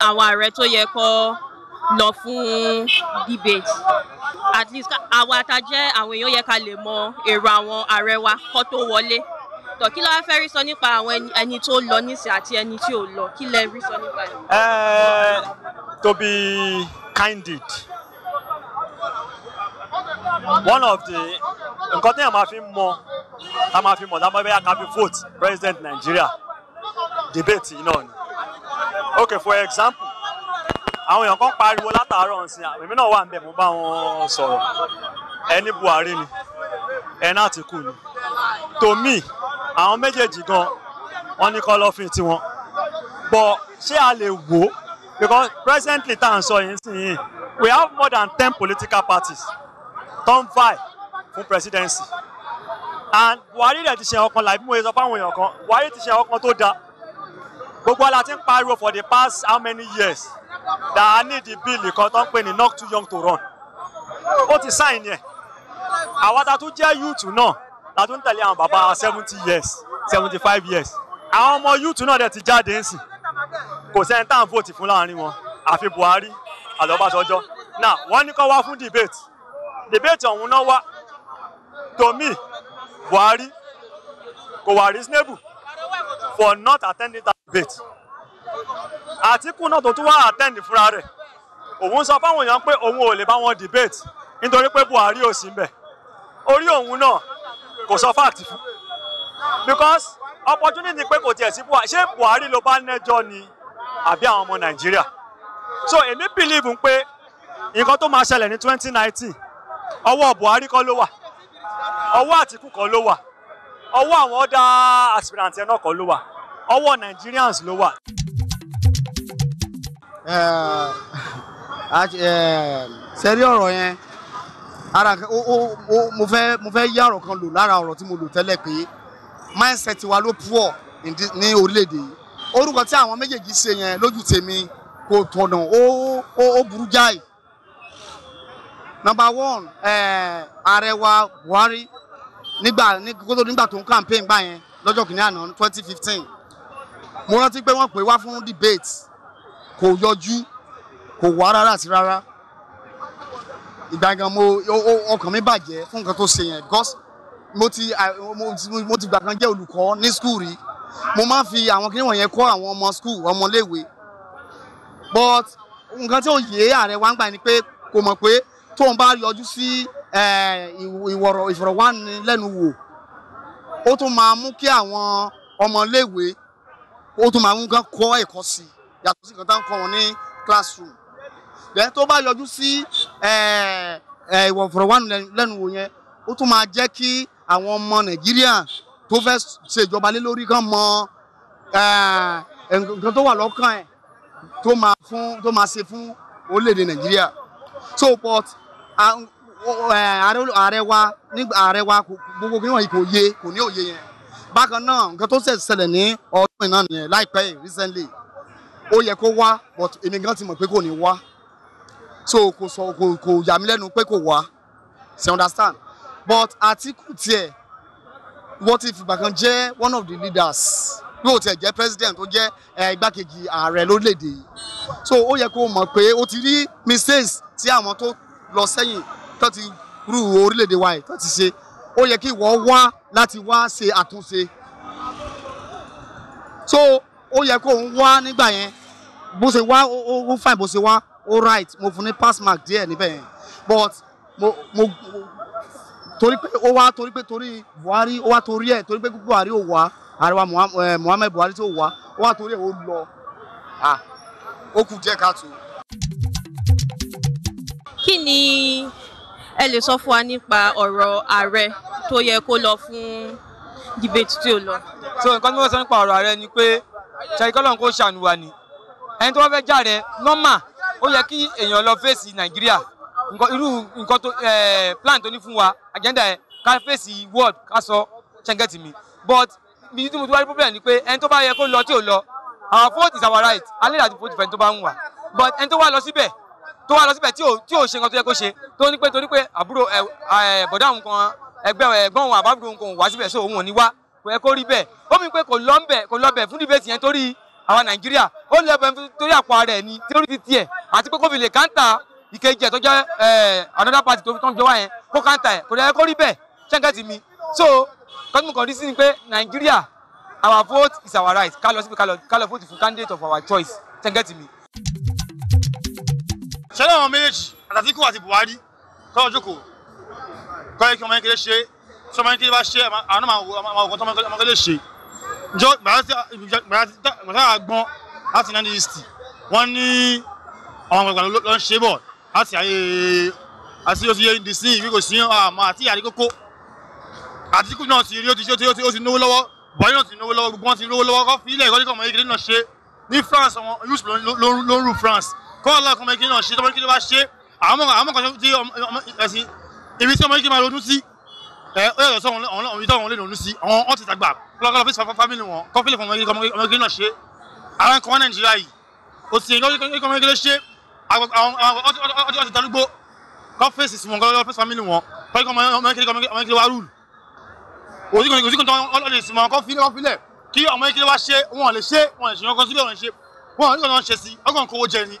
àwọn ààrẹ tó yẹ kó lọ fún debate at least àwa ta jẹ́ àwọn èèyàn yẹ ká lè mọ èrò àwọn ààrẹ wa kó tó wọlé tó kí ló wá fẹ́ rí sọ nípa àwọn ẹni tó lọ nísìn àti ẹni tí ò lọ kí lẹ rí sọ nípa ẹ. to be kinded. one of the nǹkan tí a máa fi mọ a máa fi mọ lábẹ́ bẹ́yà ká fi vote president Nigeria debate náà ni okay for example àwọn èèyàn kan pariwo látàárọ̀ ọ̀sìn èmi náà wà níbẹ̀ mo bá wọn sọ̀rọ̀ ẹni Buhari ni ẹni Àtìkù ni tòmí àwọn méjèèjì gan wọn ní kọ̀lọ̀fín tiwọn but ṣé a lè wò ó because presently tá à ń sọ yìí sìn we have more than ten political parties tó ń fún presidency and Buhari rẹ̀ ti ṣe ọkàn làbí mo sọ fáwọn èèyàn kan Buhari ti ṣe ọkàn tó dáa gbogbo ala ti ń pariwo for the past how many years that i need the bill kan tó ń pè ní not too young to run ó ti sign yẹn àwa ta tún jẹ́ youth náà la tún tẹ̀lé àwọn bàbá seventy years seventy five years àwọn ọmọ youth náà dẹ̀ ti jáde ń sìn kò sẹ́ni tá à ń vòtì fún láàrin wọn àfi Buhari àlọ́bàṣọjọ́ now wọ́n ní kó wá fún debate debate ọ̀hún náà wá to me Buhari kò wà reasonable for not attending that debate Àtíkù náà tó tún wá attend fúnra rẹ̀ òun sọ fáwọn èèyàn pé òun ò lè bá wọn debate nítorí pé Buhari ò sí mbẹ̀ orí òun náà kò sọ fact fún because opportunity pé kò tiẹ̀ sí Buhari ṣé Buhari ló bá nẹ́jọ́ ni àbí àwọn ọmọ Nàìjíríà so èmi believe pé nǹkan tó máa ṣẹlẹ̀ ní twenty nineteen ọwọ́ Buhari kọ́ ló wà ọwọ́ Àtíkù kọ́ ló wà ọwọ́ àwọn ọ̀dà aspirant ẹ̀ náà kọ́ ló wà ọwọ́ Nigerians ló wà. sẹ́rí eh, eh, ọ̀rọ̀ yẹn ara mo fẹ́ mo fẹ́ yá ọ̀rọ̀ kan lò lára ọ̀rọ̀ tí mo lò tẹ́lẹ̀ pé mindset wa ló poor ní orílẹ̀-èdè yìí orúkọ tí àwọn méjèèjì ṣe yẹn lójú tèmi kò tọ̀nà ó ó burú jáì number one eh, ààrẹ wa Buhari nígbà kótó nígbà tó ń campaign gbà yẹn lọ́jọ́ kìíní àná twenty fifteen mo rántí pé wọ́n pè wá fún debate kò yọjú kò wá rárá sí rárá ìgbà gan mo ọkàn mi bàjẹ́ fún nǹkan tó ṣe yẹn because mo ti mo ti gbà kan jẹ́ olùkọ́ ní school rí mo máa ń fi àwọn kìnìún wọ̀nyẹn kọ́ àwọn ọmọ school ọmọléèwé but nǹkan tí ó yé ààrẹ wa ń gbà ni pé kò mọ̀ pé tóun bá yọjú sí Eh, ìwọ̀rọ̀ ìfọ̀rọ̀wánilẹ́nuwò ó tún máa mú kí àwọn ọmọléèwé ó tún máa mú kán kọ́ ẹ̀kọ́ sí i yàtọ̀ sí nǹkan ń kọ́ wọn ní classroom bẹ́ẹ̀ tó bá yọjú sí eh, eh, ìwọ̀ ìfọ̀rọ̀wánilẹ́nuwò yẹn ó tún máa jẹ́ kí àwọn ọmọ Nàìjíríà tó fẹ́ ṣèjọba lé lórí kán mọ nǹkan tó wà lọ́kàn ẹ̀ tó máa fún tó máa ṣe fún orílẹ̀-èdè Nàìjíríà so but Eh, ààrẹ wa ààrẹ wa gbogbo kí wọ́n kò yé kò ní òye yẹn bákan náà nǹkan tó ṣẹlẹ̀ ní ọdún ìnáà nìyẹn láìpẹ́ yìí recently ó yẹ kó wá but èmi gan ti mọ̀ pé kò ní wá so kò sọ kò kò yà mí lẹ́nu pé kò wá you understand but Àtíkù tiẹ̀ wọ́n ti fìgbà jẹ́ one of the leaders bí o tiẹ̀ jẹ́ president tó jẹ́ eh, igbákejì ààrẹ lórílẹ̀‐èdè yìí so ó yẹ kó mọ̀ pé o ti rí mistakes tí àwọn tó lọ sẹ́yìn tó ti rú orílẹ̀-èdè wa yìí tó ti ṣe ó yẹ kí ìwọ wá láti wá ṣe àtúnṣe so ó yẹ kó ń wá nígbà yẹn bó ṣe wá ó fine bó ṣe wá ó right mo fún ní pass mark díẹ̀ níbẹ̀ yẹn but mo mo torí pé ó wá torí pé torí Buhari ó wá torí ẹ̀ torí pé Buhari ò wá àríwá eh, Muhammed Buhari tí ò wá ó wá torí ẹ̀ ó lọ ó kù díẹ̀ káàtó. kí ni ẹ lè sọ fún wa nípa ọ̀rọ̀ ààrẹ tó yẹ kó lọ fún debate tí ó lọ. so nǹkan tí wọ́n sọ nípa ọ̀rọ̀ ààrẹ ni pé ṣàríkọ́lọ́n kò ṣàánú wa ni ẹni tó wọ́n fẹ́ jàre nọ́mà ó yẹ kí èèyàn lọ fèsì nàìjíríà irú nǹkan tó plan tó ní fún wa agenda ẹ ká fèsì world ká sọ ṣẹ́ńgẹ́tì mi but mi tí mo ti wá rí problem ni pé ẹni tó bá yẹ kó lọ tí ò lọ our vote is our right alẹ́ láti vote fẹ́ni tó bá ń wà but ẹni tó wá lọ síbẹ̀ tó wá lọ síbẹ̀ tí ò ṣe nǹkan tó yẹ kó ṣe tó ní pé torí pé àbúrò ẹ òun kan ẹgbẹ́ ẹ̀gbọ́n òun àbábúrò òun kò wá síbẹ̀ so òun ò ní wá kò yẹ kó rí bẹ́ẹ̀ ó mi pé kò lọ bẹ̀ kò lọ bẹ̀ fún dìbẹ́tì yẹn torí àwa nàìjíríà ó lọ bẹ̀ torí àpò ara ẹ̀ ni torí ti tiẹ̀ àti pé kó káńtà ìkejì ẹ̀ tó jẹ́ another party tó tán jọ yẹn kó káńtà ẹ̀ kò yẹ kó rí bẹ́ẹ̀ ṣẹ́ńkẹ́tì mi so kọ́tùmù our vote is our right ká lọ síbi candidate of our choice ṣẹ́ńkẹ́tì mi ṣẹlẹ̀ àwọn méjèèjì àtàtìkù àti buhari kọ́ọ̀ jókòó kọ́ ẹ̀kí ọmọ ẹ̀kẹ́lẹ́ ṣe tí ọmọ ẹ̀kẹ́lẹ́ bá ṣe àwọn ọmọ ọ̀gọ́ tó ọmọ ẹ̀kẹ́lẹ́ ṣe jọ gbàtà àgbọn láti ninety east wọ́n ní àwọn àgbàgbà ló ń ṣe bọ̀ láti ayé àti oṣù yẹn dì sí ìwé kò sí àmọ́ àti àrí kókó àtìkù náà ti rí ó ti ṣe ó ti náwó lọ́wọ́ buhari náà ti náwó lọ́wọ́ gbogbo wọn ti náwó lọ́wọ́ kọ́ fi ilẹ̀ ìkọ́jú kọ́ ọlọ́kùnrin kí náà ṣe tọ́mọ́ kí ló bá ṣe àwọn àwọn kan tí ẹ̀sìn ibi tí ọmọ yìí kí máa ronú sí ẹ ó yàtọ̀ sọ ọ̀hún ibi tí ọ̀hún lè ronú sí ọ̀hún ọ̀tí tàgbà kọ́lọ́kọ́lọ́ fi fámìlì wọn kọ́fílì fún ọmọ kí náà ṣe àwọn kan wọ́n nàìjíríà yìí òsì ìkọ́mọ́ kí ló ṣe àwọn ọ̀tí darúgbó kọ́fíìsì sí wọn kọ́fíìsì fámìlì wọn kọ́fíìsì wá rúùlù òsìkò ọlọ́dẹ ìsìnmọ̀ kọ́fílẹ̀ kí ọmọ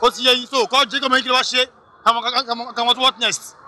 ó ti yẹ yín so kọ́ jẹ́ kọ́mọ yín kí ló wá ṣe kàmọ́ tó what next.